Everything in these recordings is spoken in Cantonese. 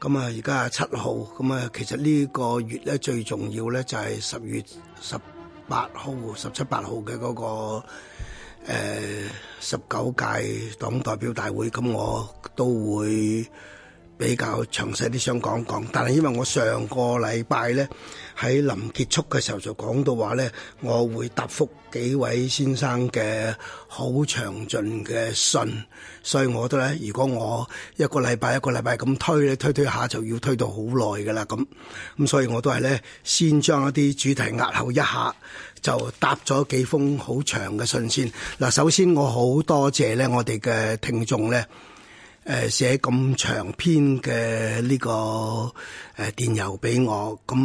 咁啊，而家七號，咁啊，其實呢個月咧最重要咧就係十月十八號、十七八號嘅個誒十九屆黨代表大會，咁我都會比較詳細啲想講講，但係因為我上個禮拜咧喺臨結束嘅時候就講到話咧，我會答覆。幾位先生嘅好詳盡嘅信，所以我覺得咧，如果我一個禮拜一個禮拜咁推咧，推推下就要推到好耐㗎喇，咁咁所以我都係咧，先將一啲主題押後一下，就答咗幾封好長嘅信先。嗱，首先我好多謝咧，我哋嘅聽眾咧。誒寫咁長篇嘅呢個誒電郵俾我，咁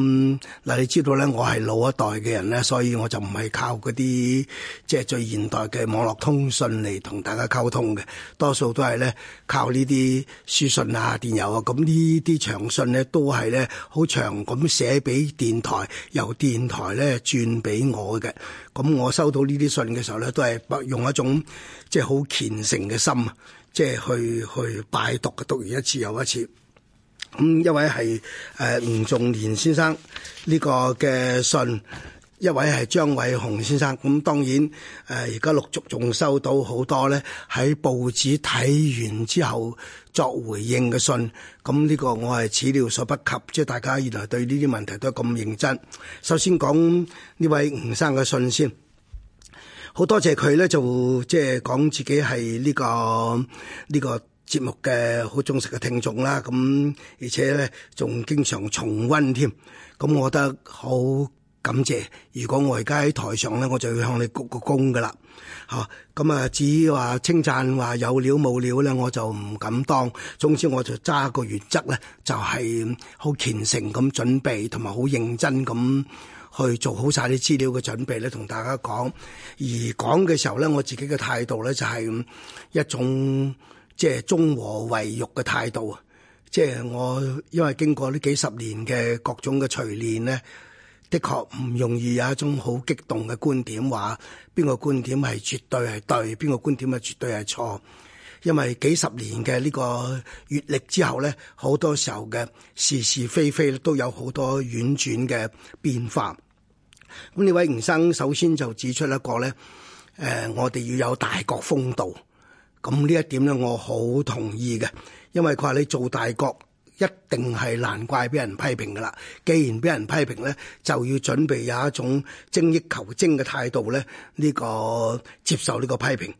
嗱你知道咧，我係老一代嘅人咧，所以我就唔係靠嗰啲即係最現代嘅網絡通訊嚟同大家溝通嘅，多數都係咧靠呢啲書信啊、電郵啊，咁呢啲長信咧都係咧好長咁寫俾電台，由電台咧轉俾我嘅。咁我收到呢啲信嘅時候咧，都係用一種即係好虔誠嘅心。即係去去拜讀嘅，讀完一次又一次。咁、嗯、一位係誒吳仲年先生呢、這個嘅信，一位係張偉雄先生。咁、嗯、當然誒而家陸續仲收到好多咧，喺報紙睇完之後作回應嘅信。咁、嗯、呢、這個我係始料所不及，即係大家原來對呢啲問題都係咁認真。首先講呢位吳生嘅信先。好多謝佢咧，就即係講自己係呢個呢個節目嘅好忠實嘅聽眾啦。咁而且咧，仲經常重溫添。咁我覺得好感謝。如果我而家喺台上咧，我就要向你鞠個躬噶啦。嚇！咁啊，至於話稱讚話有料冇料咧，我就唔敢當。總之我就揸個原則咧，就係好虔誠咁準備，同埋好認真咁。去做好晒啲資料嘅準備咧，同大家講。而講嘅時候咧，我自己嘅態度咧就係一種即係中和為玉嘅態度啊！即係我因為經過呢幾十年嘅各種嘅錘煉咧，的確唔容易有一種好激動嘅觀點，話邊個觀點係絕對係對，邊個觀點係絕對係錯。因為幾十年嘅呢個閲歷之後咧，好多時候嘅是是非非都有好多婉轉嘅變化。咁呢位吳生首先就指出一個咧，誒、呃，我哋要有大國風度。咁呢一點咧，我好同意嘅，因為佢話你做大國一定係難怪俾人批評噶啦。既然俾人批評咧，就要準備有一種精益求精嘅態度咧，呢、這個接受呢個批評。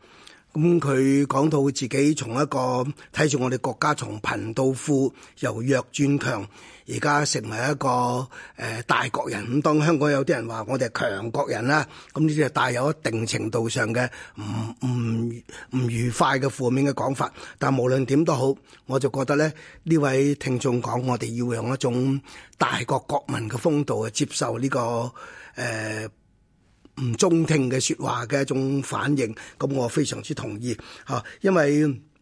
咁佢講到自己從一個睇住我哋國家從貧到富，由弱轉強，而家成為一個誒、呃、大國人。咁、嗯、當香港有啲人話我哋係強國人啦，咁呢啲係帶有一定程度上嘅唔唔唔愉快嘅負面嘅講法。但無論點都好，我就覺得咧，呢位聽眾講，我哋要用一種大國國民嘅風度去接受呢、這個誒。呃唔中聽嘅説話嘅一種反應，咁我非常之同意嚇、啊。因為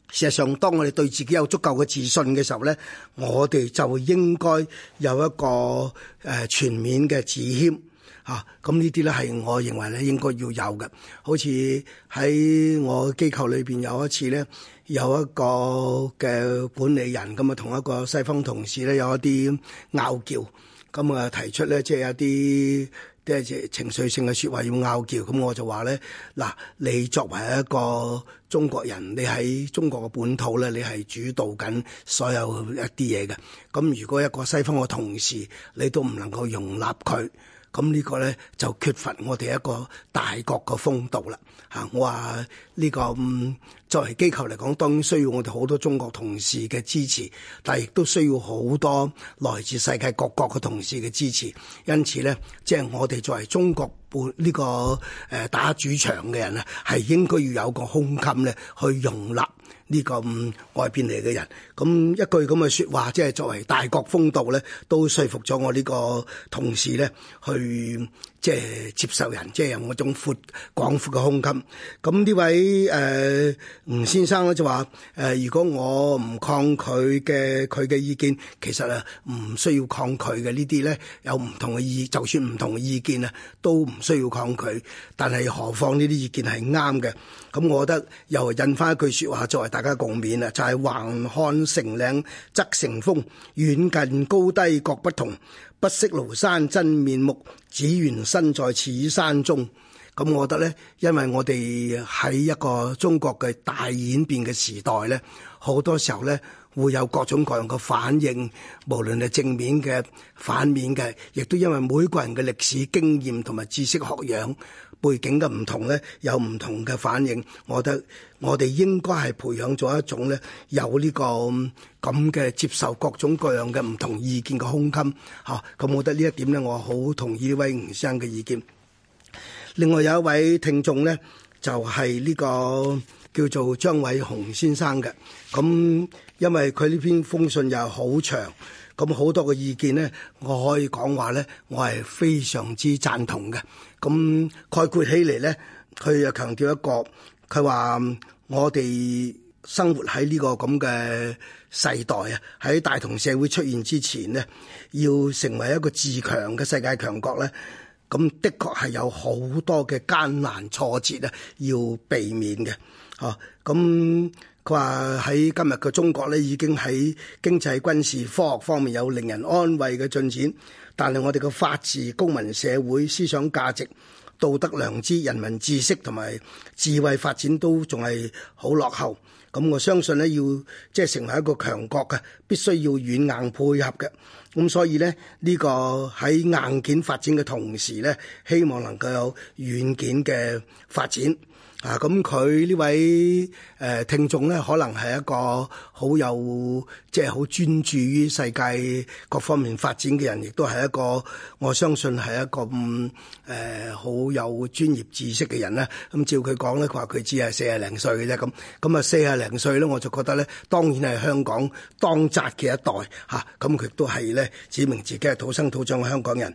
事實上，當我哋對自己有足夠嘅自信嘅時候咧，我哋就應該有一個誒、呃、全面嘅自謙嚇。咁呢啲咧係我認為咧應該要有嘅。好似喺我機構裏邊有一次咧，有一個嘅管理人咁啊，同一個西方同事咧有一啲拗撬，咁啊提出咧即係一啲。即係情緒性嘅説話要拗撬，咁我就話咧，嗱，你作為一個中國人，你喺中國嘅本土咧，你係主導緊所有一啲嘢嘅。咁如果一個西方嘅同事，你都唔能夠容納佢，咁呢個咧就缺乏我哋一個大國嘅風度啦。嚇，我話。呢、這個嗯，作為機構嚟講，當然需要我哋好多中國同事嘅支持，但係亦都需要好多來自世界各國嘅同事嘅支持。因此咧，即、就、係、是、我哋作為中國半呢個誒打主場嘅人咧，係應該要有一個胸襟咧，去容納呢、這個、嗯、外邊嚟嘅人。咁一句咁嘅説話，即、就、係、是、作為大國風度咧，都說服咗我呢個同事咧去。即係接受人，即係有嗰種闊廣闊嘅胸襟。咁呢位誒、呃、吳先生咧就話：誒、呃、如果我唔抗拒嘅佢嘅意見，其實啊唔需要抗拒嘅呢啲咧，有唔同嘅意，就算唔同嘅意見啊，都唔需要抗拒。但係何況呢啲意見係啱嘅？咁我覺得又引翻一句説話作為大家共勉啊，就係、是、橫看成嶺側成峰，遠近高低各不同。不識廬山真面目，只緣身在此山中。咁我覺得呢，因為我哋喺一個中國嘅大演變嘅時代呢，好多時候呢會有各種各樣嘅反應，無論係正面嘅、反面嘅，亦都因為每個人嘅歷史經驗同埋知識學養。背景嘅唔同咧，有唔同嘅反應。我覺得我哋應該係培養咗一種咧，有呢、這個咁嘅接受各種各樣嘅唔同意見嘅胸襟嚇。咁、啊、我覺得呢一點咧，我好同意呢位吳先生嘅意見。另外有一位聽眾咧，就係、是、呢、這個叫做張偉雄先生嘅。咁因為佢呢篇封信又好長，咁好多嘅意見咧，我可以講話咧，我係非常之贊同嘅。咁概括起嚟咧，佢又強調一個，佢話我哋生活喺呢個咁嘅世代啊，喺大同社會出現之前咧，要成為一個自強嘅世界強國咧，咁的確係有好多嘅艱難挫折啊，要避免嘅。哦，咁佢話喺今日嘅中國咧，已經喺經濟、軍事、科學方面有令人安慰嘅進展。但係我哋嘅法治、公民社會、思想價值、道德良知、人民知識同埋智慧發展都仲係好落後。咁我相信咧，要即係成為一個強國嘅，必須要軟硬配合嘅。咁所以咧，呢、這個喺硬件發展嘅同時咧，希望能夠有軟件嘅發展。啊，咁佢、呃、呢位誒聽眾咧，可能係一個好有即係好專注於世界各方面發展嘅人，亦都係一個我相信係一個咁誒好有專業知識嘅人咧。咁照佢講咧，佢話佢只係四廿零歲嘅啫。咁咁啊，他他四廿零歲咧，我就覺得咧，當然係香港當責嘅一代吓。咁佢都係咧。啊指明自己係土生土長嘅香港人，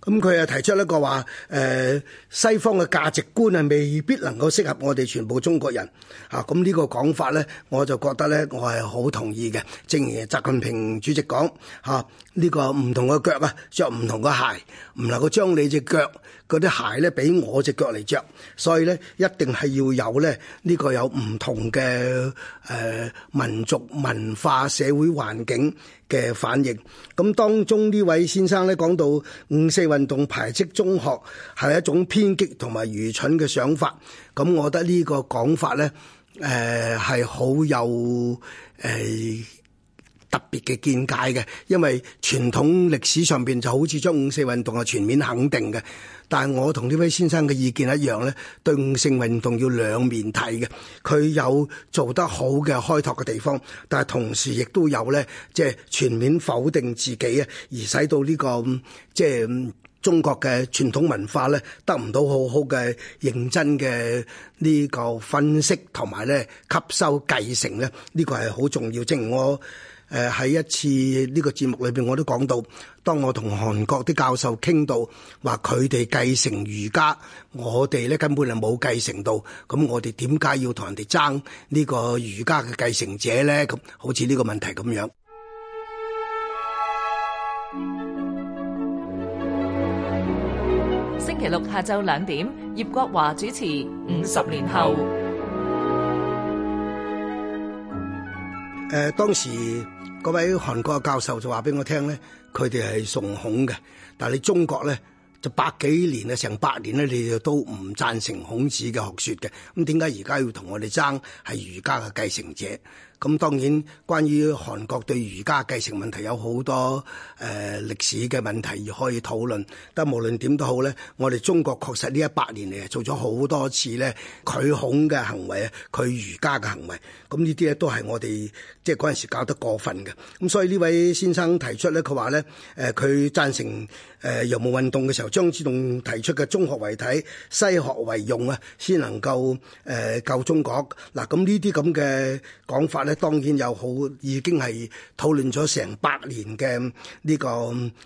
咁佢又提出一個話，誒、呃、西方嘅價值觀係未必能夠適合我哋全部中國人，啊，咁呢個講法呢，我就覺得呢，我係好同意嘅。正如習近平主席講，嚇、啊、呢、呢個唔同嘅腳啊，著唔同嘅鞋，唔能夠將你隻腳，嗰啲鞋咧，俾我隻腳嚟著，所以咧一定係要有咧呢、這個有唔同嘅誒、呃、民族文化社會環境嘅反應。咁、嗯、當中呢位先生咧講到五四運動排斥中學係一種偏激同埋愚蠢嘅想法，咁、嗯、我覺得個講呢個講法咧誒係好有誒。呃特別嘅見解嘅，因為傳統歷史上邊就好似將五四運動係全面肯定嘅，但係我同呢位先生嘅意見一樣咧，對五四運動要兩面睇嘅。佢有做得好嘅開拓嘅地方，但係同時亦都有咧，即係全面否定自己啊，而使到呢個即係中國嘅傳統文化咧，得唔到好好嘅認真嘅呢個分析同埋咧吸收繼承咧，呢個係好重要。正如我，誒喺一次呢個節目裏邊，我都講到，當我同韓國啲教授傾到，話佢哋繼承儒家，我哋咧根本就冇繼承到，咁我哋點解要同人哋爭呢個儒家嘅繼承者咧？咁好似呢個問題咁樣。星期六下晝兩點，葉國華主持《五十年後》。誒、呃、當時嗰位韓國嘅教授就話俾我聽咧，佢哋係崇孔嘅，但係你中國咧就百幾年啊，成百年咧，你哋都唔贊成孔子嘅學説嘅，咁點解而家要同我哋爭係儒家嘅繼承者？咁當然，關於韓國對儒家繼承問題有好多誒歷、呃、史嘅問題而可以討論，但無論點都好咧，我哋中國確實呢一百年嚟做咗好多次咧，拒孔嘅行為啊，拒儒家嘅行為，咁呢啲咧都係我哋即係嗰陣時搞得過分嘅。咁、嗯、所以呢位先生提出咧，佢話咧誒，佢贊成誒洋務運動嘅時候，張之洞提出嘅中學為體西學為用啊，先能夠誒、呃、救中國嗱，咁呢啲咁嘅講法咧。當然又好，已經係討論咗成百年嘅呢個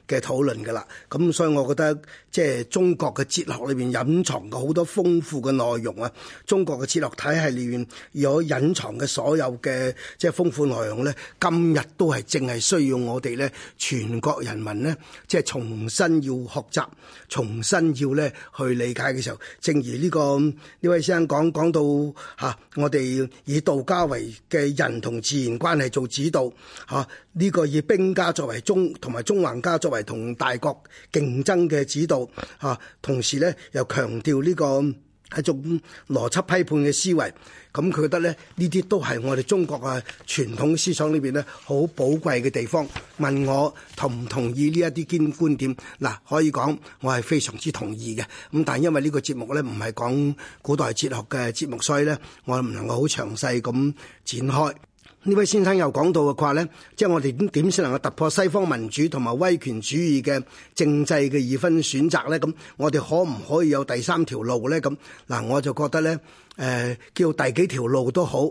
嘅討論噶啦，咁所以我覺得。即係中國嘅哲學裏邊隱藏嘅好多豐富嘅內容啊！中國嘅哲學體系裏邊有隱藏嘅所有嘅即係豐富內容咧，今日都係淨係需要我哋咧，全國人民咧，即係重新要學習，重新要咧去理解嘅時候，正如呢、這個呢位先生講講到吓、啊、我哋以道家為嘅人同自然關係做指導吓呢、啊這個以兵家作為中同埋縱橫家作為同大國競爭嘅指導。啊！同時咧，又強調呢個係一種邏輯批判嘅思維。咁佢覺得咧，呢啲都係我哋中國嘅傳統思想裏邊咧好寶貴嘅地方。問我同唔同意呢一啲觀點？嗱，可以講我係非常之同意嘅。咁但係因為呢個節目咧唔係講古代哲學嘅節目，所以咧我唔能夠好詳細咁展開。呢位先生又講到嘅話呢，即係我哋點點先能夠突破西方民主同埋威權主義嘅政制嘅二分選擇呢？咁我哋可唔可以有第三條路呢？咁嗱，我就覺得呢，誒、呃、叫第幾條路都好，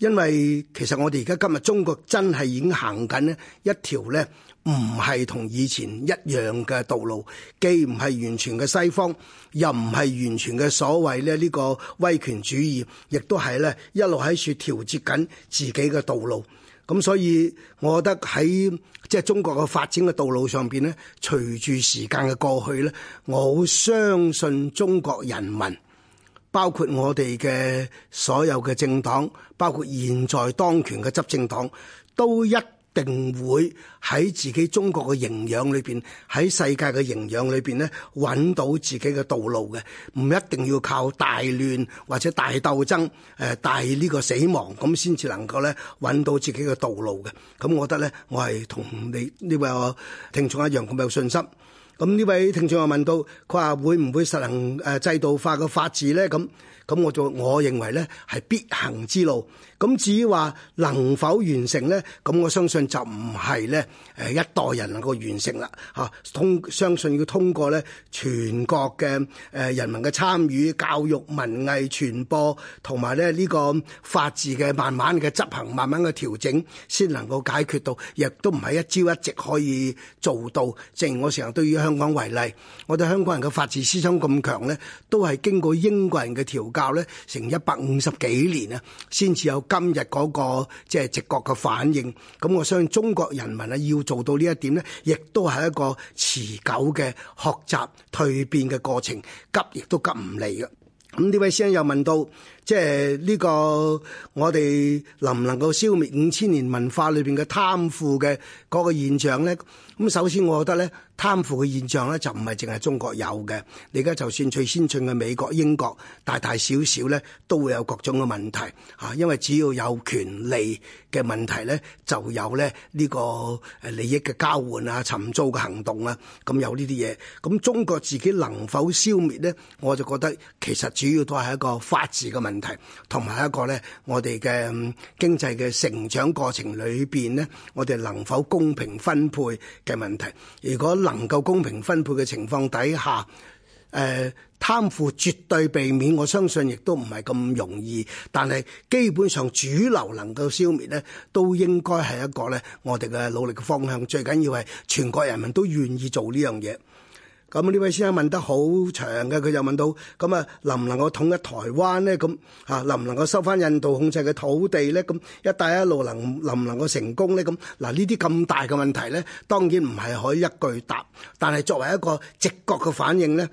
因為其實我哋而家今日中國真係已經行緊一條呢。唔係同以前一樣嘅道路，既唔係完全嘅西方，又唔係完全嘅所謂咧呢個威權主義，亦都係咧一路喺處調節緊自己嘅道路。咁所以，我覺得喺即係中國嘅發展嘅道路上邊咧，隨住時間嘅過去咧，我好相信中國人民，包括我哋嘅所有嘅政黨，包括現在當權嘅執政黨，都一。定會喺自己中國嘅營養裏邊，喺世界嘅營養裏邊咧，揾到自己嘅道路嘅，唔一定要靠大亂或者大鬥爭，誒、呃、大呢個死亡咁先至能夠咧揾到自己嘅道路嘅。咁我覺得咧，我係同你呢位我聽眾一樣咁有信心。咁呢位聽眾又問到，佢話會唔會實行誒制度化嘅法治咧？咁。咁我就我認為咧係必行之路。咁至於話能否完成咧，咁我相信就唔係咧誒一代人能夠完成啦。吓通相信要通過咧全國嘅誒人民嘅參與教育、文藝傳播，同埋咧呢個法治嘅慢慢嘅執行、慢慢嘅調整，先能夠解決到，亦都唔係一朝一夕可以做到。正如我成日都以香港為例，我哋香港人嘅法治思想咁強咧，都係經過英國人嘅調。教咧成一百五十幾年啊，先至有今日嗰個即係直覺嘅反應。咁我相信中國人民啊，要做到呢一點咧，亦都係一個持久嘅學習蛻變嘅過程，急亦都急唔嚟嘅。咁呢位先生又問到。即係呢個我哋能唔能夠消滅五千年文化裏邊嘅貪腐嘅個現象咧？咁首先我覺得咧，貪腐嘅現象咧就唔係淨係中國有嘅。你而家就算最先進嘅美國、英國，大大小小咧都會有各種嘅問題嚇，因為只要有權利嘅問題咧，就有咧呢個誒利益嘅交換啊、尋租嘅行動啊，咁有呢啲嘢。咁中國自己能否消滅咧？我就覺得其實主要都係一個法治嘅問題。問題同埋一個呢，我哋嘅經濟嘅成長過程裏邊呢，我哋能否公平分配嘅問題？如果能夠公平分配嘅情況底下，誒、呃、貪腐絕對避免，我相信亦都唔係咁容易。但係基本上主流能夠消滅呢，都應該係一個呢，我哋嘅努力嘅方向。最緊要係全國人民都願意做呢樣嘢。咁呢位先生問得好長嘅，佢就問到：「咁啊，能唔能夠統一台灣呢？咁啊，能唔能夠收返印度控制嘅土地呢？咁一帶一路能能唔能夠成功呢？」咁嗱，呢啲咁大嘅問題呢，當然唔係可以一句答。但係作為一個直覺嘅反應呢，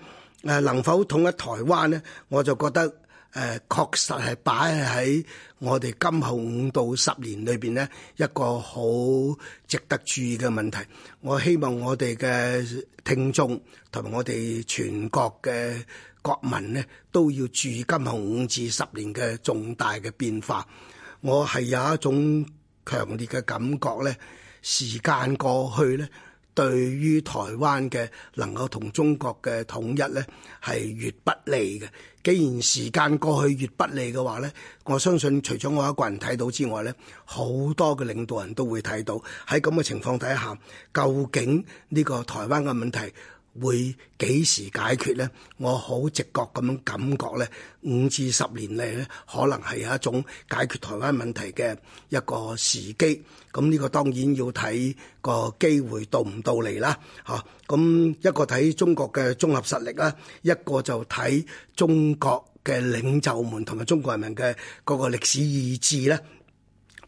誒能否統一台灣呢？我就覺得。誒確實係擺喺我哋今後五到十年裏邊咧，一個好值得注意嘅問題。我希望我哋嘅聽眾同埋我哋全國嘅國民咧，都要注意今後五至十年嘅重大嘅變化。我係有一種強烈嘅感覺咧，時間過去咧。對於台灣嘅能夠同中國嘅統一呢，係越不利嘅。既然時間過去越不利嘅話呢，我相信除咗我一個人睇到之外呢，好多嘅領導人都會睇到。喺咁嘅情況底下，究竟呢個台灣嘅問題會幾時解決呢？我好直覺咁樣感覺呢五至十年嚟，呢可能係一種解決台灣問題嘅一個時機。咁、這、呢個當然要睇個機會到唔到嚟啦。吓，咁一個睇中國嘅綜合實力啦，一個就睇中國嘅領袖們同埋中國人民嘅嗰個歷史意志咧。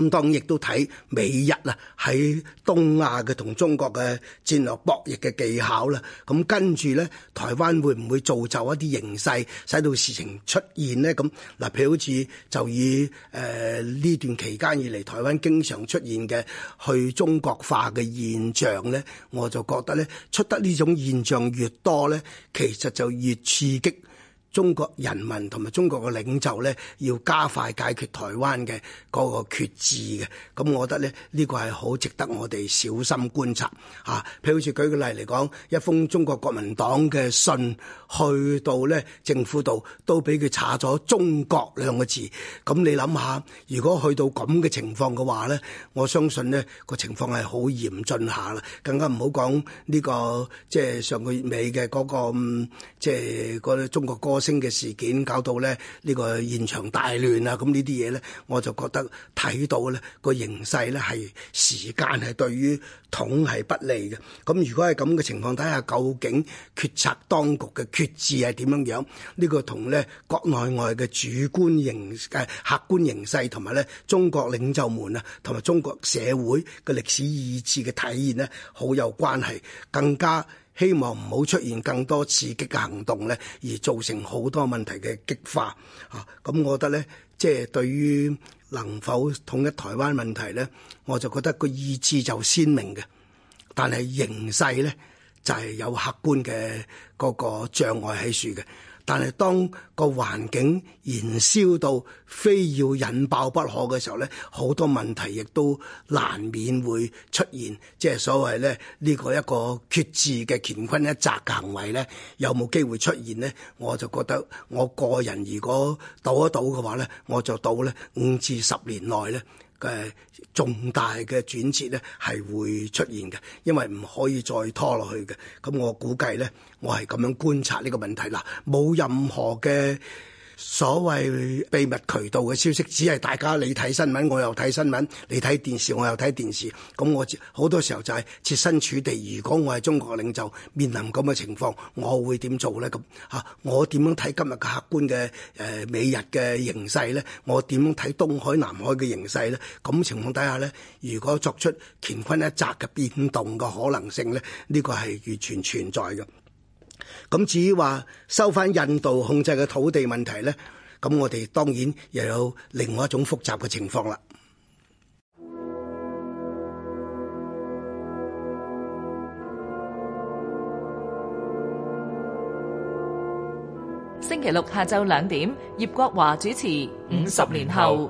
咁當亦都睇美日啊喺東亞嘅同中國嘅戰略博弈嘅技巧啦，咁跟住咧，台灣會唔會造就一啲形勢，使到事情出現咧？咁嗱，譬如好似就以誒呢，呃，段期間以嚟，台灣經常出現嘅去中國化嘅現象咧，我就覺得咧，出得呢種現象越多咧，其實就越刺激。中國人民同埋中國嘅領袖咧，要加快解決台灣嘅嗰個決志嘅，咁我覺得咧呢個係好值得我哋小心觀察嚇、啊。譬如好似舉個例嚟講，一封中國國民黨嘅信去到咧政府度，都俾佢查咗中國兩個字。咁你諗下，如果去到咁嘅情況嘅話咧，我相信咧個情況係好嚴峻下啦，更加唔好講呢個即係上個月尾嘅嗰、嗰個即係嗰啲中國歌，升嘅事件搞到咧呢個現場大亂啊！咁呢啲嘢咧，我就覺得睇到咧個形勢咧係時間係對於統係不利嘅。咁如果係咁嘅情況底下，究竟決策當局嘅決志係點樣樣？呢個同咧國內外嘅主觀形誒客觀形勢，同埋咧中國領袖們啊，同埋中國社會嘅歷史意志嘅體現咧，好有關係，更加。希望唔好出現更多刺激嘅行動咧，而造成好多問題嘅激化嚇。咁、啊嗯、我覺得咧，即係對於能否統一台灣問題咧，我就覺得個意志就鮮明嘅，但係形勢咧就係、是、有客觀嘅嗰個障礙喺處嘅。但係當個環境燃燒到非要引爆不可嘅時候呢，好多問題亦都難免會出現，即係所謂咧呢、呢個一個決志嘅乾坤一擲嘅行為呢有冇機會出現呢？我就覺得我個人如果賭一賭嘅話呢，我就賭咧五至十年內咧。嘅重大嘅轉折咧，係會出現嘅，因為唔可以再拖落去嘅。咁我估計咧，我係咁樣觀察呢個問題啦，冇任何嘅。所謂秘密渠道嘅消息，只係大家你睇新聞，我又睇新聞，你睇電視，我又睇電視。咁我好多時候就係設身處地。如果我係中國嘅領袖，面臨咁嘅情況，我會點做呢？咁嚇，我點樣睇今日嘅客觀嘅誒美日嘅形勢呢？我點樣睇東海南海嘅形勢呢？咁情況底下呢，如果作出乾坤一擲嘅變動嘅可能性呢？呢個係完全存在嘅。咁至於話收翻印度控制嘅土地問題咧，咁我哋當然又有另外一種複雜嘅情況啦。星期六下晝兩點，葉國華主持《五十年後》。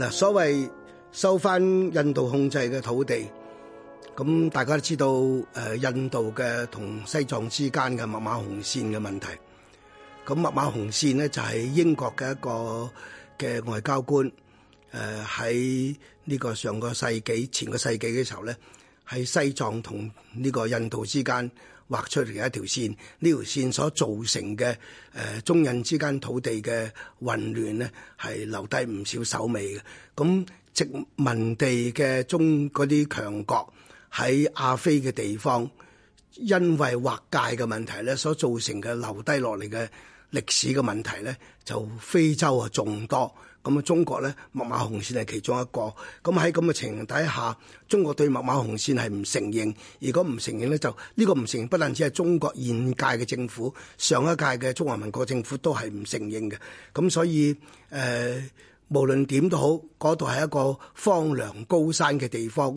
嗱，所謂收翻印度控制嘅土地。咁大家都知道，誒印度嘅同西藏之間嘅麥馬洪線嘅問題，咁麥馬洪線咧就係英國嘅一個嘅外交官，誒喺呢個上個世紀前個世紀嘅時候咧，喺西藏同呢個印度之間畫出嚟嘅一條線，呢條線所造成嘅誒中印之間土地嘅混亂咧，係留低唔少手尾嘅。咁殖民地嘅中嗰啲強國。喺亞非嘅地方，因為劃界嘅問題咧，所造成嘅留低落嚟嘅歷史嘅問題咧，就非洲啊眾多。咁啊，中國咧，麥馬洪線係其中一個。咁喺咁嘅情形底下，中國對麥馬洪線係唔承認。如果唔承認咧，就、這、呢個唔承認，不但止係中國現屆嘅政府，上一屆嘅中華民國政府都係唔承認嘅。咁所以誒、呃，無論點都好，嗰度係一個荒涼高山嘅地方。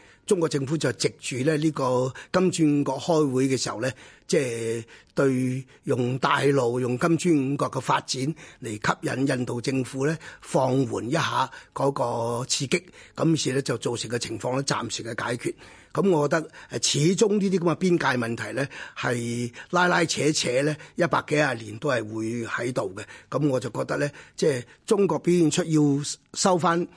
中國政府就藉住咧呢個金磚五國開會嘅時候咧，即係對用大陸用金磚五國嘅發展嚟吸引印度政府咧放緩一下嗰個刺激，咁於是咧就造成嘅情況咧暫時嘅解決。咁我覺得始終呢啲咁嘅邊界問題咧係拉拉扯扯咧一百幾廿年都係會喺度嘅。咁我就覺得咧，即係中國表現出要收翻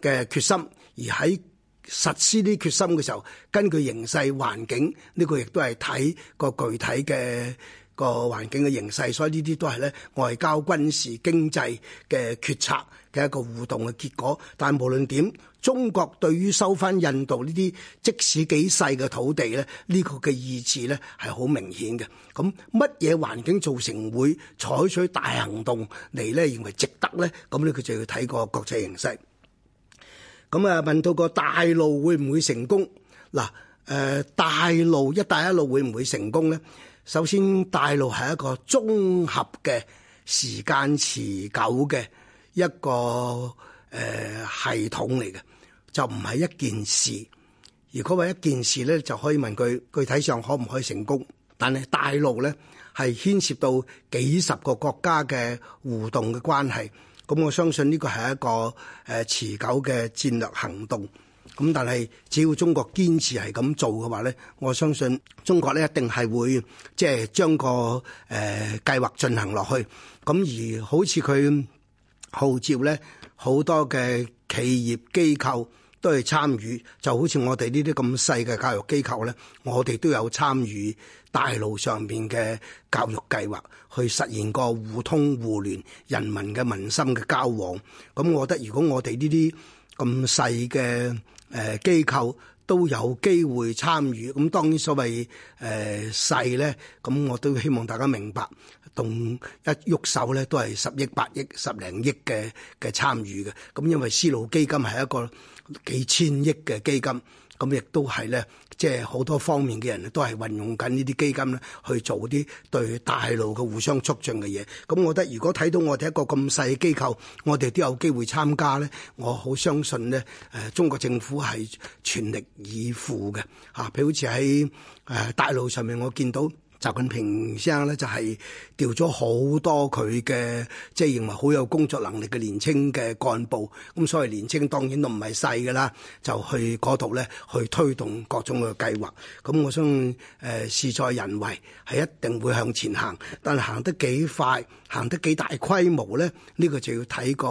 嘅決心，而喺實施啲決心嘅時候，根據形勢環境，呢個亦都係睇個具體嘅個環境嘅形勢，所以呢啲都係咧外交、軍事、經濟嘅決策嘅一個互動嘅結果。但係無論點，中國對於收翻印度呢啲即使幾細嘅土地咧，呢個嘅意志咧係好明顯嘅。咁乜嘢環境造成會採取大行動嚟咧？認為值得咧？咁呢，佢就要睇個國際形勢。咁啊，問到個大路會唔會成功？嗱、呃，誒大路一帶一路會唔會成功咧？首先，大路係一個綜合嘅、時間持久嘅一個誒、呃、系統嚟嘅，就唔係一件事。如果話一件事咧，就可以問佢具體上可唔可以成功？但係大路咧係牽涉到幾十個國家嘅互動嘅關係。咁我相信呢個係一個誒持久嘅戰略行動。咁但係，只要中國堅持係咁做嘅話咧，我相信中國咧一定係會即係將個誒計劃進行落去。咁而好似佢號召咧好多嘅企業機構。都係參與，就好似我哋呢啲咁細嘅教育機構咧，我哋都有參與大路上面嘅教育計劃，去實現個互通互聯、人民嘅民心嘅交往。咁，我覺得如果我哋呢啲咁細嘅誒機構都有機會參與，咁當然所謂誒、呃、細咧，咁我都希望大家明白，動一喐手咧都係十億、八億、十零億嘅嘅參與嘅。咁因為絲路基金係一個。幾千億嘅基金，咁亦都係咧，即係好多方面嘅人都係運用緊呢啲基金咧，去做啲對大陸嘅互相促進嘅嘢。咁我覺得如果睇到我哋一個咁細嘅機構，我哋都有機會參加咧，我好相信咧，誒中國政府係全力以赴嘅吓。譬如好似喺誒大陸上面，我見到。習近平先生咧就係調咗好多佢嘅，即係認為好有工作能力嘅年青嘅幹部，咁所謂年青當然都唔係細噶啦，就去嗰度咧去推動各種嘅計劃，咁我相信誒事在人為，係一定會向前行，但係行得幾快、行得幾大規模咧，呢個就要睇個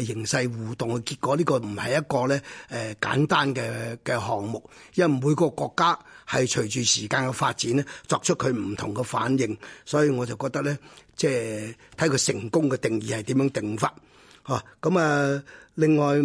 誒形勢互動嘅結果。呢個唔係一個咧誒簡單嘅嘅項目，因為每個國家係隨住時間嘅發展咧作出佢唔。唔同嘅反應，所以我就覺得咧，即係睇佢成功嘅定義係點樣定法嚇。咁啊，另外，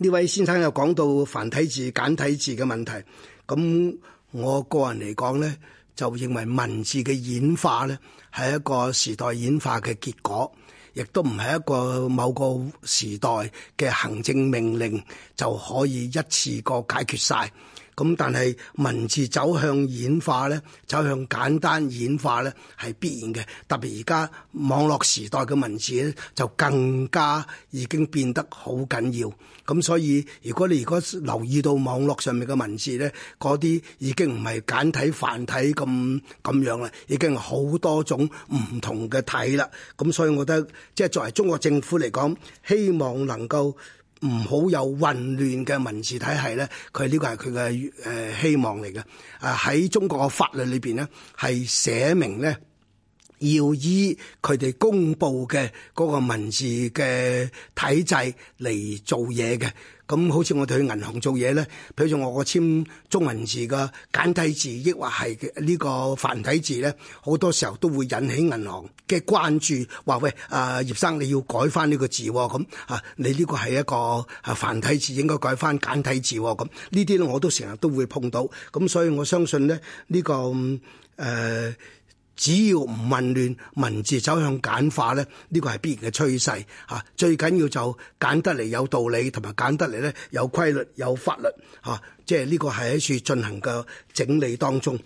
呢位先生又講到繁體字、簡體字嘅問題。咁我個人嚟講咧，就認為文字嘅演化咧係一個時代演化嘅結果，亦都唔係一個某個時代嘅行政命令就可以一次過解決晒。咁但係文字走向演化咧，走向簡單演化咧，係必然嘅。特別而家網絡時代嘅文字咧，就更加已經變得好緊要。咁所以，如果你如果留意到網絡上面嘅文字咧，嗰啲已經唔係簡體繁體咁咁樣啦，已經好多種唔同嘅體啦。咁所以，我覺得即係作為中國政府嚟講，希望能夠，唔好有混亂嘅文字體系咧，佢呢、呢個係佢嘅誒希望嚟嘅。啊，喺中國嘅法律裏邊咧，係寫明咧要依佢哋公布嘅嗰個文字嘅體制嚟做嘢嘅。咁好似我哋去銀行做嘢咧，譬如我個簽中文字嘅簡體字，抑或係呢個繁體字咧，好多時候都會引起銀行嘅關注。話喂，啊葉生，你要改返呢個字喎，哦，咁啊你呢個係一個啊繁體字應該改返簡體字喎，哦，咁呢啲咧我都成日都會碰到。咁所以我相信咧呢、呢個誒。呃只要唔混亂，文字走向簡化咧，呢個係必然嘅趨勢吓。最緊要就揀得嚟有道理，同埋揀得嚟咧有規律、有法律吓，即係呢個係喺處進行嘅整理當中。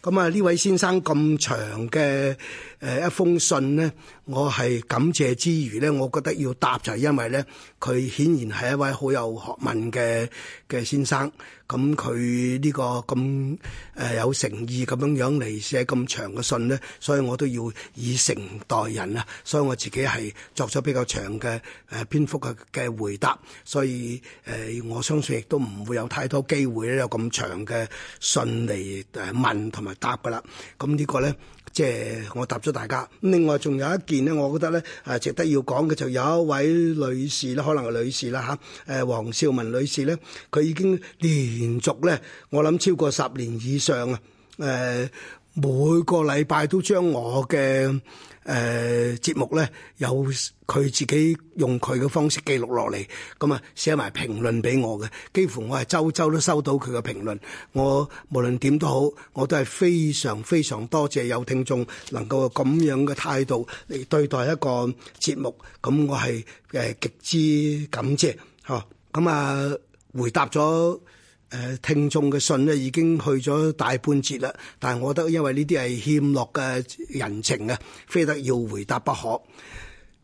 咁啊，呢位先生咁長嘅。誒一封信咧，我係感謝之餘咧，我覺得要答就係因為咧，佢顯然係一位好有學問嘅嘅先生，咁、嗯、佢、呃、呢個咁誒有誠意咁樣樣嚟寫咁長嘅信咧，所以我都要以誠待人啊，所以我自己係作咗比較長嘅誒篇幅嘅嘅回答，所以誒、呃、我相信亦都唔會有太多機會咧有咁長嘅信嚟誒、呃、問同埋答㗎啦，咁、嗯、這個、呢個咧即係我答。大家另外仲有一件呢，我覺得呢誒值得要講嘅，就有一位女士啦，可能係女士啦吓，誒黃少文女士呢，佢已經連續呢，我諗超過十年以上啊，誒，每個禮拜都將我嘅，誒、呃、節目咧，有佢自己用佢嘅方式記錄落嚟，咁啊寫埋評論俾我嘅，幾乎我係周周都收到佢嘅評論。我無論點都好，我都係非常非常多謝有聽眾能夠咁樣嘅態度嚟對待一個節目，咁我係誒極之感謝。嚇，咁啊回答咗。誒，聽眾嘅信咧已經去咗大半截啦，但係我覺得因為呢啲係欠落嘅人情啊，非得要回答不可。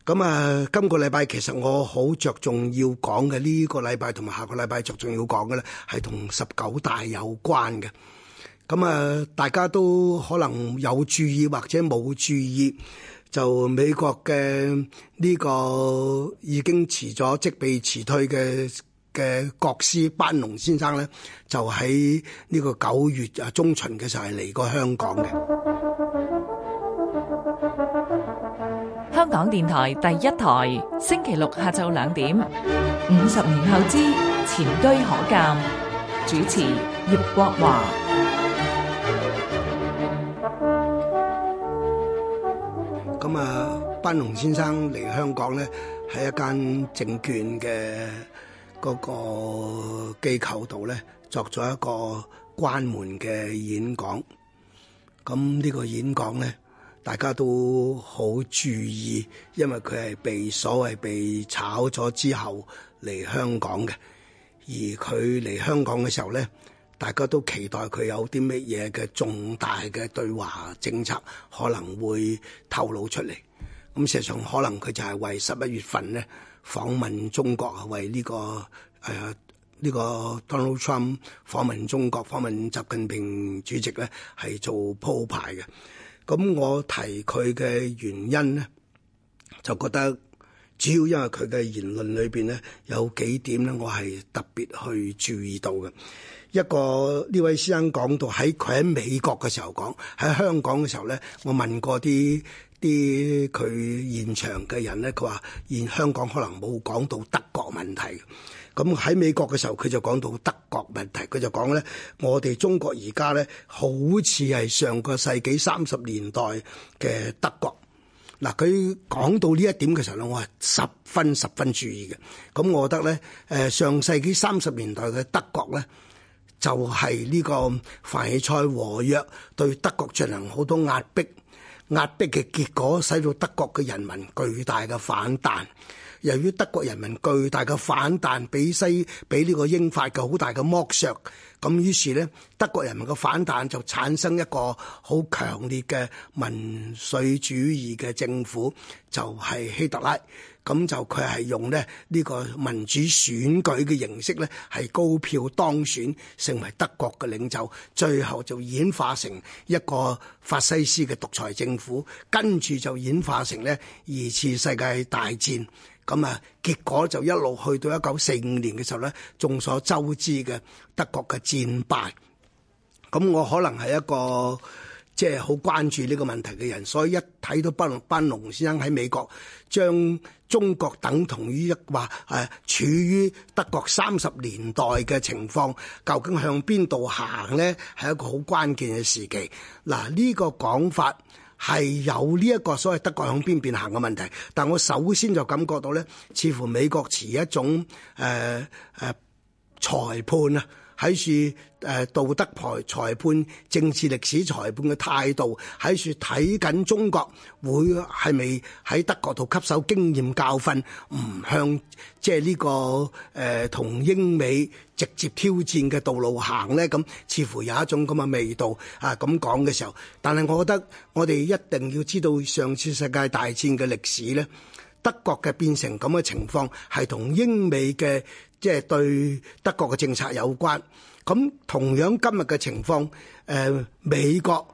咁啊，今個禮拜其實我好着重要講嘅呢個禮拜同埋下個禮拜着重要講嘅咧，係同十九大有關嘅。咁啊，大家都可能有注意或者冇注意，就美國嘅呢個已經辭咗職被辭退嘅。嘅國師班農先生咧，就喺呢個九月啊中旬嘅時候係嚟過香港嘅。香港電台第一台，星期六下晝兩點，五十年後之前車可鑑，主持葉國華。咁啊，班農先生嚟香港咧，係一間證券嘅。嗰個機構度咧，作咗一個關門嘅演講。咁呢個演講咧，大家都好注意，因為佢係被所謂被炒咗之後嚟香港嘅。而佢嚟香港嘅時候咧，大家都期待佢有啲乜嘢嘅重大嘅對華政策可能會透露出嚟。咁事實上可能佢就係為十一月份咧。訪問中國，為呢個誒，呢個 Donald Trump 訪問中國，訪問習近平主席咧，係做鋪排嘅。咁我提佢嘅原因咧，就覺得主要因為佢嘅言論裏邊咧，有幾點咧，我係特別去注意到嘅。一個，呢位先生講到，喺佢喺美國嘅時候講，喺香港嘅時候咧，我問過啲。啲佢現場嘅人咧，佢話現香港可能冇講到德國問題。咁喺美國嘅時候，佢就講到德國問題。佢就講咧，我哋中國而家咧好似係上個世紀三十年代嘅德國。嗱，佢講到呢一點嘅時候咧，我係十分十分注意嘅。咁我覺得咧，誒上世紀三十年代嘅德國咧，就係呢個凡爾賽和約對德國進行好多壓迫。壓迫嘅結果，使到德國嘅人民巨大嘅反彈，由於德國人民巨大嘅反彈，俾西俾呢個英法嘅好大嘅剝削。咁於是咧，德國人民嘅反彈就產生一個好強烈嘅民粹主義嘅政府，就係希特拉。咁就佢係用咧呢個民主選舉嘅形式咧，係高票當選成為德國嘅領袖，最後就演化成一個法西斯嘅獨裁政府，跟住就演化成咧二次世界大戰。咁啊，結果就一路去到一九四五年嘅時候咧，眾所周知嘅德國嘅戰敗。咁我可能係一個即係好關注呢個問題嘅人，所以一睇到班班農先生喺美國將中國等同於一話誒、啊，處於德國三十年代嘅情況，究竟向邊度行咧？係一個好關鍵嘅時期。嗱，呢、呢個講法。係有呢一個所謂德國向邊邊行嘅問題，但我首先就感覺到咧，似乎美國持一種誒誒、呃呃、裁判啊。喺處誒道德裁裁判、政治歷史裁判嘅態度，喺處睇緊中國會係咪喺德國度吸收經驗教訓，唔向即係呢個誒同、呃、英美直接挑戰嘅道路行咧？咁似乎有一種咁嘅味道啊！咁講嘅時候，但係我覺得我哋一定要知道上次世界大戰嘅歷史咧。德國嘅變成咁嘅情況係同英美嘅即係對德國嘅政策有關。咁同樣今日嘅情況，誒、呃、美國、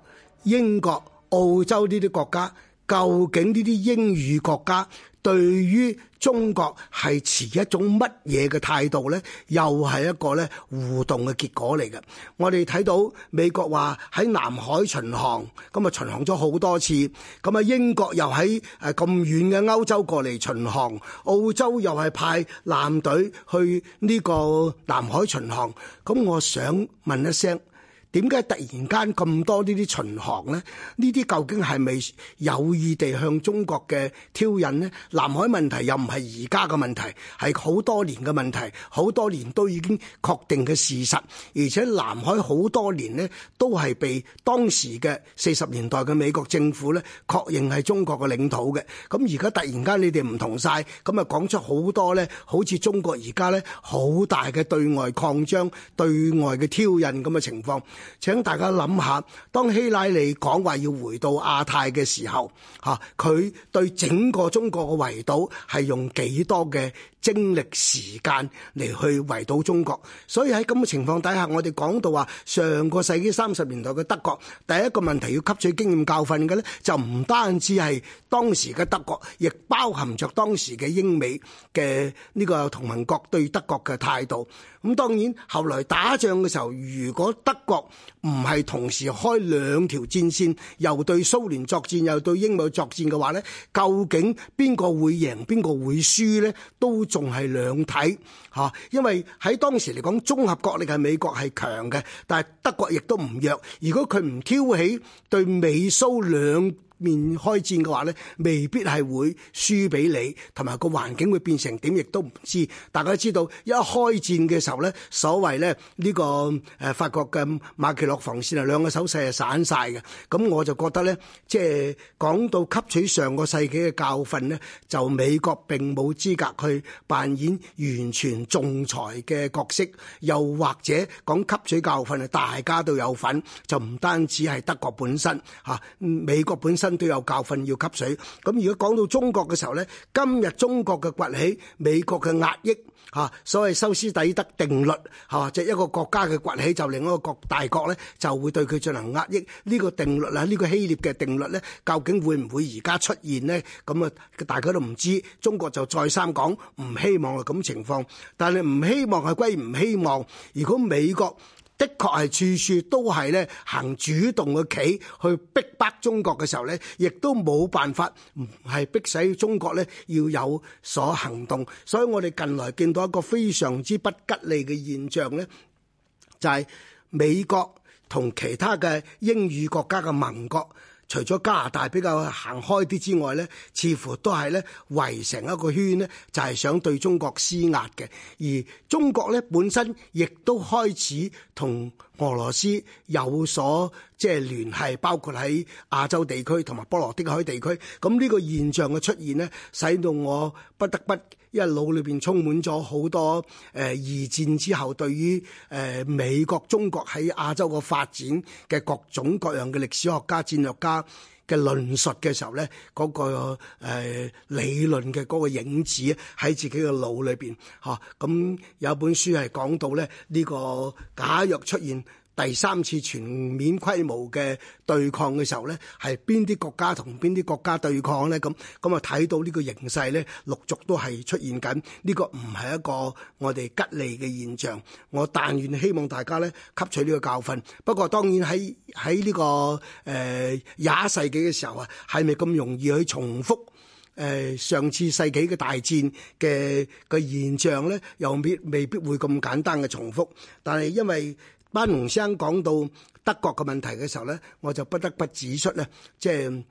英國、澳洲呢啲國家，究竟呢啲英語國家，對於中國係持一種乜嘢嘅態度呢？又係一個呢互動嘅結果嚟嘅。我哋睇到美國話喺南海巡航，咁啊巡航咗好多次。咁啊英國又喺誒咁遠嘅歐洲過嚟巡航，澳洲又係派艦隊去呢個南海巡航。咁我想問一聲。點解突然間咁多呢啲巡航呢？呢啲究竟係咪有意地向中國嘅挑釁呢？南海問題又唔係而家嘅問題，係好多年嘅問題，好多年都已經確定嘅事實。而且南海好多年呢，都係被當時嘅四十年代嘅美國政府呢確認係中國嘅領土嘅。咁而家突然間你哋唔同晒，咁啊講出好多呢，好似中國而家呢好大嘅對外擴張、對外嘅挑釁咁嘅情況。請大家諗下，當希拉里講話要回到亞太嘅時候，嚇佢對整個中國嘅圍堵係用幾多嘅精力時間嚟去圍堵中國？所以喺咁嘅情況底下，我哋講到話上個世紀三十年代嘅德國，第一個問題要吸取經驗教訓嘅咧，就唔單止係當時嘅德國，亦包含着當時嘅英美嘅呢個同盟國對德國嘅態度。咁當然，後來打仗嘅時候，如果德國唔係同時開兩條戰線，又對蘇聯作戰，又對英美作戰嘅話呢，究竟邊個會贏，邊個會輸呢？都仲係兩睇嚇。啊，因為喺當時嚟講，綜合國力係美國係強嘅，但係德國亦都唔弱。如果佢唔挑起對美蘇兩面開戰嘅話咧，未必係會輸俾你，同埋個環境會變成點，亦都唔知。大家知道一開戰嘅時候咧，所謂咧，呢個誒法國嘅馬其諾防線啊，兩個手勢係散晒嘅。咁我就覺得咧，即係講到吸取上個世紀嘅教訓咧，就美國並冇資格去扮演完全仲裁嘅角色，又或者講吸取教訓啊，大家都有份，就唔單止係德國本身吓、啊、美國本身。都有教訓要吸水，咁如果講到中國嘅時候咧，今日中國嘅崛起，美國嘅壓抑，嚇所謂修斯底德定律，嚇即係一個國家嘅崛起，就另一個國大國咧就會對佢進行壓抑。呢個定律啦，呢個希臘嘅定律咧，究竟會唔會而家出現咧？咁啊，大家都唔知。中國就再三講唔希望係咁情況，但係唔希望係歸唔希望。如果美國的確係處處都係咧行主動嘅棋去逼迫中國嘅時候咧，亦都冇辦法係逼使中國咧要有所行動。所以我哋近來見到一個非常之不吉利嘅現象咧，就係美國同其他嘅英語國家嘅盟國。除咗加拿大比較行開啲之外呢，似乎都係呢圍成一個圈呢，就係想對中國施壓嘅。而中國呢本身亦都開始同俄羅斯有所即係聯繫，包括喺亞洲地區同埋波羅的海地區。咁呢個現象嘅出現呢，使到我不得不因為腦裏邊充滿咗好多誒二戰之後對於誒美國、中國喺亞洲嘅發展嘅各種各樣嘅歷史學家、戰略家嘅論述嘅時候咧，嗰、嗰個誒、呃、理論嘅嗰個影子喺自己嘅腦裏邊吓。咁、啊嗯、有本書係講到咧呢、呢個假若出現。第三次全面規模嘅對抗嘅時候呢，係邊啲國家同邊啲國家對抗呢？咁咁啊，睇到呢個形勢呢，陸續都係出現緊。呢個唔係一個我哋吉利嘅現象。我但願希望大家呢，吸取呢個教訓。不過當然喺喺呢個誒廿一、呃、世紀嘅時候啊，係咪咁容易去重複誒、呃、上次世紀嘅大戰嘅嘅現象呢？又未必，未必會咁簡單嘅重複。但係因為班洪生講到德國嘅問題嘅時候咧，我就不得不指出咧，即係。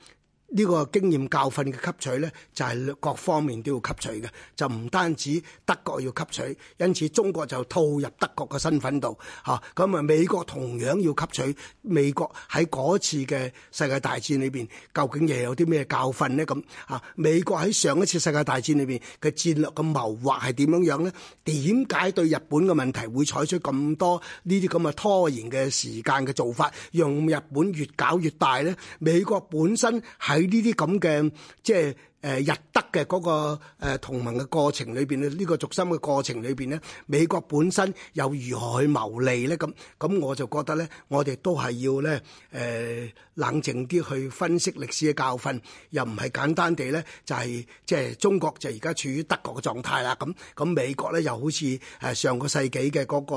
呢個經驗教訓嘅吸取呢，就係、是、各方面都要吸取嘅，就唔單止德國要吸取，因此中國就套入德國嘅身份度嚇，咁啊、嗯、美國同樣要吸取美國喺嗰次嘅世界大戰裏邊究竟又有啲咩教訓呢？咁、嗯、嚇、啊？美國喺上一次世界大戰裏邊嘅戰略嘅謀劃係點樣樣呢？點解對日本嘅問題會採取咁多呢啲咁嘅拖延嘅時間嘅做法，讓日本越搞越大呢？美國本身係。喺呢啲咁嘅即係誒日德嘅嗰個誒同盟嘅過程裏邊，呢呢個軸心嘅過程裏邊咧，美國本身又如何去謀利咧？咁咁我就覺得咧，我哋都係要咧誒冷靜啲去分析歷史嘅教訓，又唔係簡單地咧就係即係中國就而家處於德國嘅狀態啦。咁咁美國咧又好似誒上個世紀嘅嗰個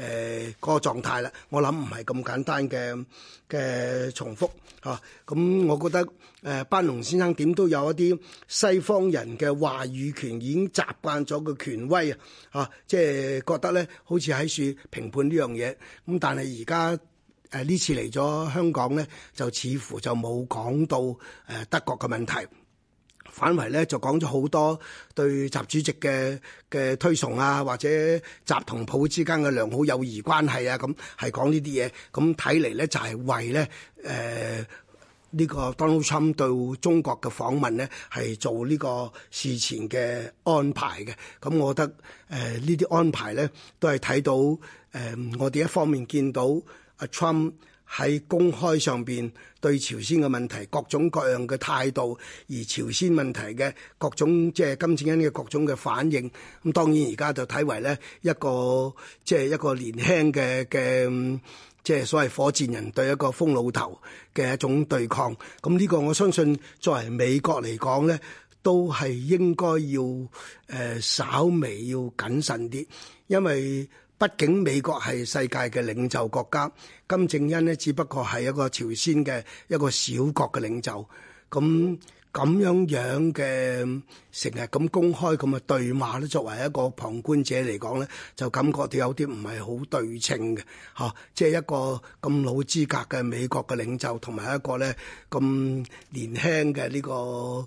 誒嗰個狀態啦。我諗唔係咁簡單嘅嘅重複嚇。咁我覺得。誒班農先生點都有一啲西方人嘅話語權已經習慣咗個權威啊！嚇，即係覺得咧，好似喺處評判呢樣嘢。咁但係而家誒呢次嚟咗香港咧，就似乎就冇講到誒、呃、德國嘅問題，反為咧就講咗好多對習主席嘅嘅推崇啊，或者習同普之間嘅良好友誼關係啊，咁係講呢啲嘢。咁睇嚟咧，就係、是、為咧誒。呃呢個 Donald Trump 對中國嘅訪問呢係做呢個事前嘅安排嘅。咁、嗯、我覺得誒呢啲安排呢都係睇到誒、呃、我哋一方面見到阿、啊、Trump 喺公開上邊對朝鮮嘅問題各種各樣嘅態度，而朝鮮問題嘅各種即係、就是、金正恩嘅各種嘅反應。咁、嗯、當然而家就睇為呢一個即係、就是、一個年輕嘅嘅。即係所謂火箭人對一個瘋老頭嘅一種對抗，咁呢個我相信作為美國嚟講呢，都係應該要誒稍微要謹慎啲，因為畢竟美國係世界嘅領袖國家，金正恩呢，只不過係一個朝鮮嘅一個小國嘅領袖，咁。咁樣樣嘅成日咁公開咁嘅對罵咧，作為一個旁觀者嚟講咧，就感覺到有啲唔係好對稱嘅，嚇、啊！即係一個咁老資格嘅美國嘅領袖，同埋一個咧咁年輕嘅呢個誒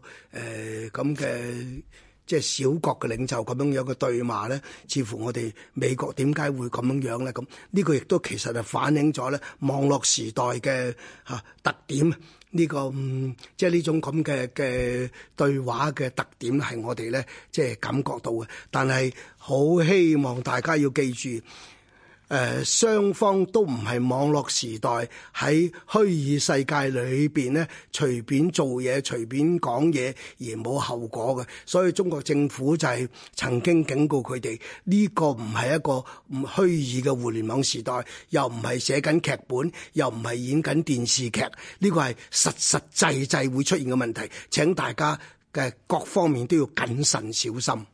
咁嘅即係小國嘅領袖咁樣樣嘅對罵咧，似乎我哋美國點解會咁樣樣呢咧？咁、這、呢個亦都其實係反映咗咧網絡時代嘅嚇、啊、特點。呢個嗯，即係呢種咁嘅嘅對話嘅特點，係我哋咧，即係感覺到嘅。但係好希望大家要記住。誒、呃、雙方都唔係網絡時代喺虛擬世界裏邊咧，隨便做嘢、隨便講嘢而冇後果嘅。所以中國政府就係曾經警告佢哋，呢、呢個唔係一個虛擬嘅互聯網時代，又唔係寫緊劇本，又唔係演緊電視劇，呢個係實實際際際會出現嘅問題。請大家嘅各方面都要謹慎小心。